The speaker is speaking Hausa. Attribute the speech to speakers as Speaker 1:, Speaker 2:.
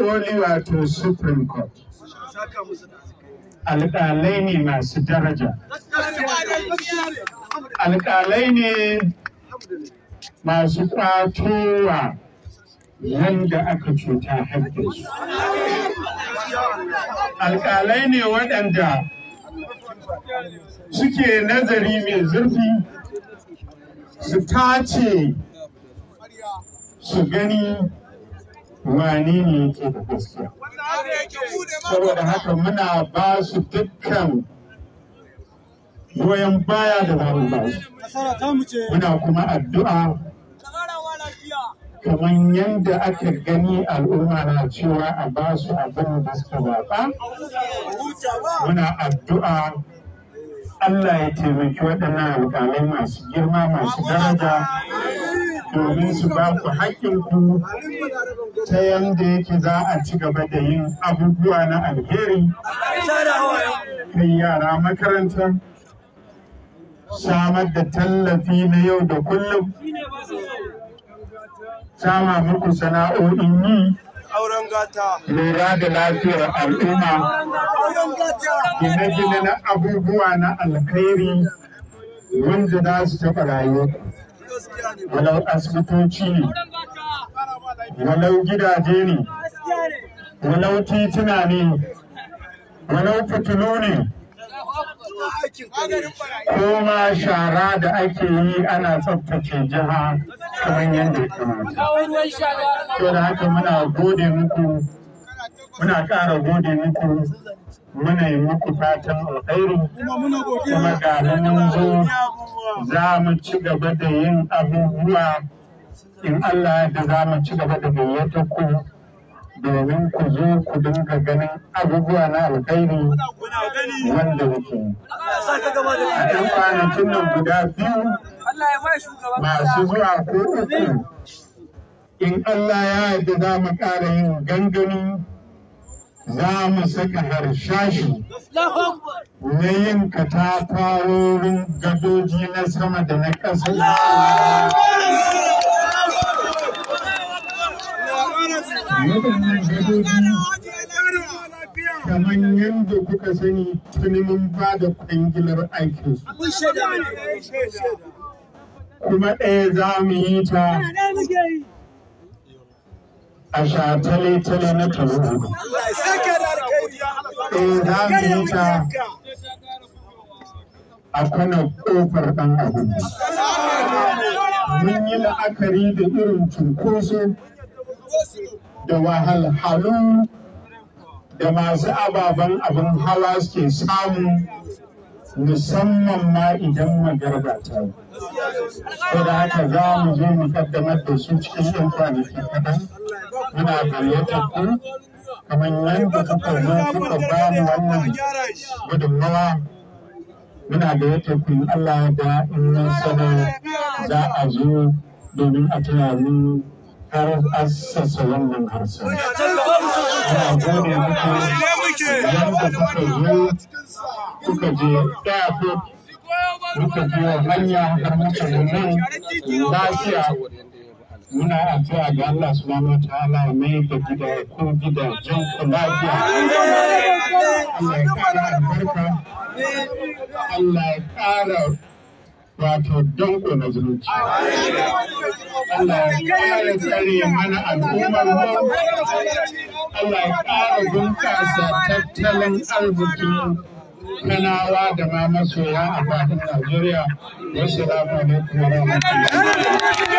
Speaker 1: koli wato supreme court alƙalai ne masu daraja alƙalai ne masu ƙwatowa wanda aka cuta haƙƙinsu alƙalai ne waɗanda suke nazari mai zurfi su tace su gani wani ne yake da gaskiya saboda haka muna ba su dukkan goyon baya da zamu ba su muna kuma addu'a kamar yadda aka gani al'umma na cewa a ba su abin da suka zaɓa muna addu'a Allah ya taimaki waɗannan alƙalai masu girma masu daraja domin su ba ku haƙƙinku ta yanda yake za a ci gaba da yin abubuwa na alheri kai yara makaranta samar da tallafi na yau da kullum sama muku sana'o'in yi lura da lafiyar al'umma gine-gine na abubuwa na alkhairi wanda za su taɓa rayuwa walau asibitoci walau gidaje ne walau tituna ne walau fitilu ne koma shara da ake yi ana tsabtace jiha kamar yadda ya kamata. da haka muna gode muku muna ƙara gode muku muna yi muku fatan kuma ga mun zo za mu ci gaba da yin abubuwa in Allah da za mu ci gaba da gayyata ku domin ku zo ku dinga ganin abubuwa na alkhairi wanda muke a ɗan kwanakin nan guda biyu masu zuwa ko uku in Allah ya yarda za mu ƙara yin gangani za mu saka harshashi na yin katafarorin gadoji na sama da na ƙasa waɗannan gadoji kamar yadda kuka sani tuni mun ba da kwangilar aikinsu kuma ɗaya za mu yi ta a shatale-tale na taruhu ɗaya za mu yi ta a kwana ƙofar ɗan abinci mun yi la'akari da irin cunkoso da wahalhalu da masu ababen abin hawa suke samu musamman ma idan magarba ta yi. da haka za mu zo mu kaddamar da su cikin yan kwanaki kaɗan muna gayyatar ku kamar yadda kuka zo kuka ba mu wannan gudunmawa muna gayyatar ku Allah da in nan sana za a zo domin a tunanin har assasa wannan harsa. Ana gode muku yadda kuka zo kuka je airport muka biyo hanya har muka zo nan lafiya muna addu'a ga Allah subhanahu wataala ya mai da gida ko gidajen ku lafiya Allah ya kara albarka Allah ya ƙara. wato danko na zumunci. Allah ya ƙara tsare mana al'ummar mu, Allah ya ƙara bunƙasa tattalin arzikin kanawa da ma masoya a fadin Najeriya. Wasu alaikum wa rahmatullahi